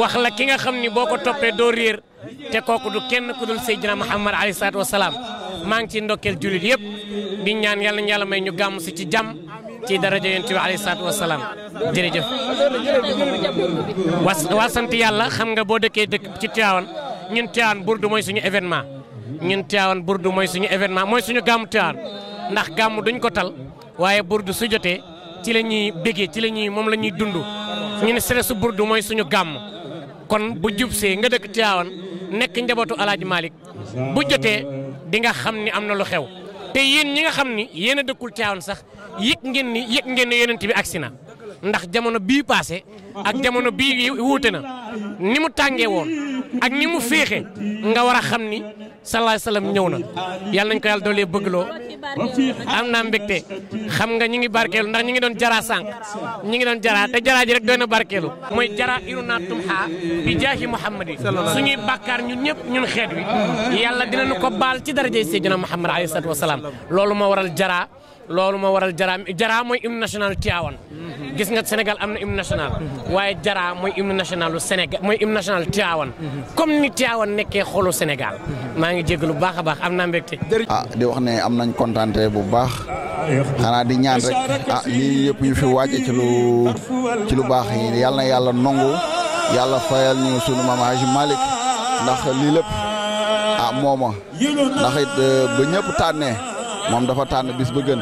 wax la ki nga xam ni boo ko toppee doo réer te kooku du kenn ku dul Seydina Muhammad alayhi salaatu wasalaam maa ngi ciy ndokkeel jullit yëpp bi ñaan yàlla na may ñu gàmm si ci jàmm ci daraja yonent bi alayhi salaatu wasalaam jërëjëf. wa waa sant yàlla xam nga boo dëkkee dëkk ci Tiwaawan ñun Tiwaawan burdu mooy suñu événement ñun Tiwaawan burdu mooy suñu événement mooy suñu gàmmu Tiwaawan ndax gàmm duñ ko tal waaye burdu su jotee ci la ñuy bégee ci la moom la ñuy dund. ñu ne Ceres Burdu mooy suñu gàmm kon bu jub see nga dëkk Tiwaawan nekk njabootu Alaaji Malick bu jotee di nga xam ni am na lu xew te yéen ñi nga xam ni yéen a dëkkul Tiwaawan sax yëg ngeen ni yëg ngeen ne yonent bi si na ndax jamono bii paase ak jamono bii wuute na ni mu tàngee woon ak ñi mu féexe nga war a xam ni salaay salaam ñëw na yàlla nañ ko yàlla doolee bëggloo am naa mbégte xam nga ñi ngi barkeelu ndax ñi ngi doon jara sànq ñi ngi doon jara te jara ji rek doy na barkeelu mooy jara iruna tumha bi jaahi muhammadi suñuy bàkkaar ñun ñëpp ñun xeet wi yàlla dinañu ko baal ci darajey seydina muhammad alayhi salaatu wasalaam loolu moo waral jara loolu moo waral jaraa jaraa mooy hymne national Tivaouane gis nga Sénégal am na hymne national waaye jaraa mooy hymne national lu Sénégal mooy hymne national Tivaouane comme ni Tivaouane nekkee xolu Sénégal maa ngi jégg lu baax a baax am naa mbégte ah di wax ne am nañ kontante bu baax xanaa di ñaan rek ah lii yëpp ñu fi wàcce ci lu baax yi yàlla na yàlla nongu yàlla fayal ñu sunu maam Haji Malick ndax lii lépp ah mooma ndax euh, ba ñëpp tànnee moom dafa tànn bis ba gën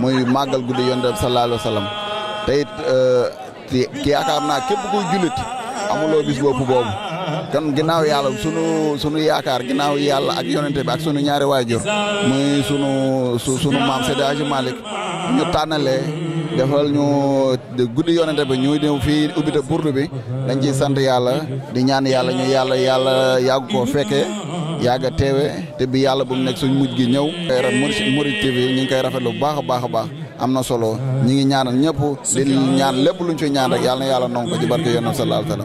muy màggal guddi yonent bi sallallahu alayhi wa sallam te it euh, ki yaakaar naa képp kuy jullit amuloo bis boobu kon ginnaaw yàlla sunu sunu yaakaar ginnaaw yàlla ak yonent bi ak sunu ñaari waajur muy sunu su sunu maam Seydi Hadji Malick ñu tànnalee defal ñu guddi yonent bi ñu ñëw fii ubbite burdu bi dañ sant yàlla di ñaan yàlla ñu yàlla yàlla yàgg koo fekkee yàgg a teewe te bi yàlla bu mu nekk suñ mujj gi ñëw ran Mouride yi ñu ngi koy rafetlu bu baax a baax a baax am na solo ñu ngi ñaanal ñëpp di ñaan lépp luñ fi ñaan rek yàlla na yàlla nangu ko ci barke yonam sallallahu alayhi wa sallam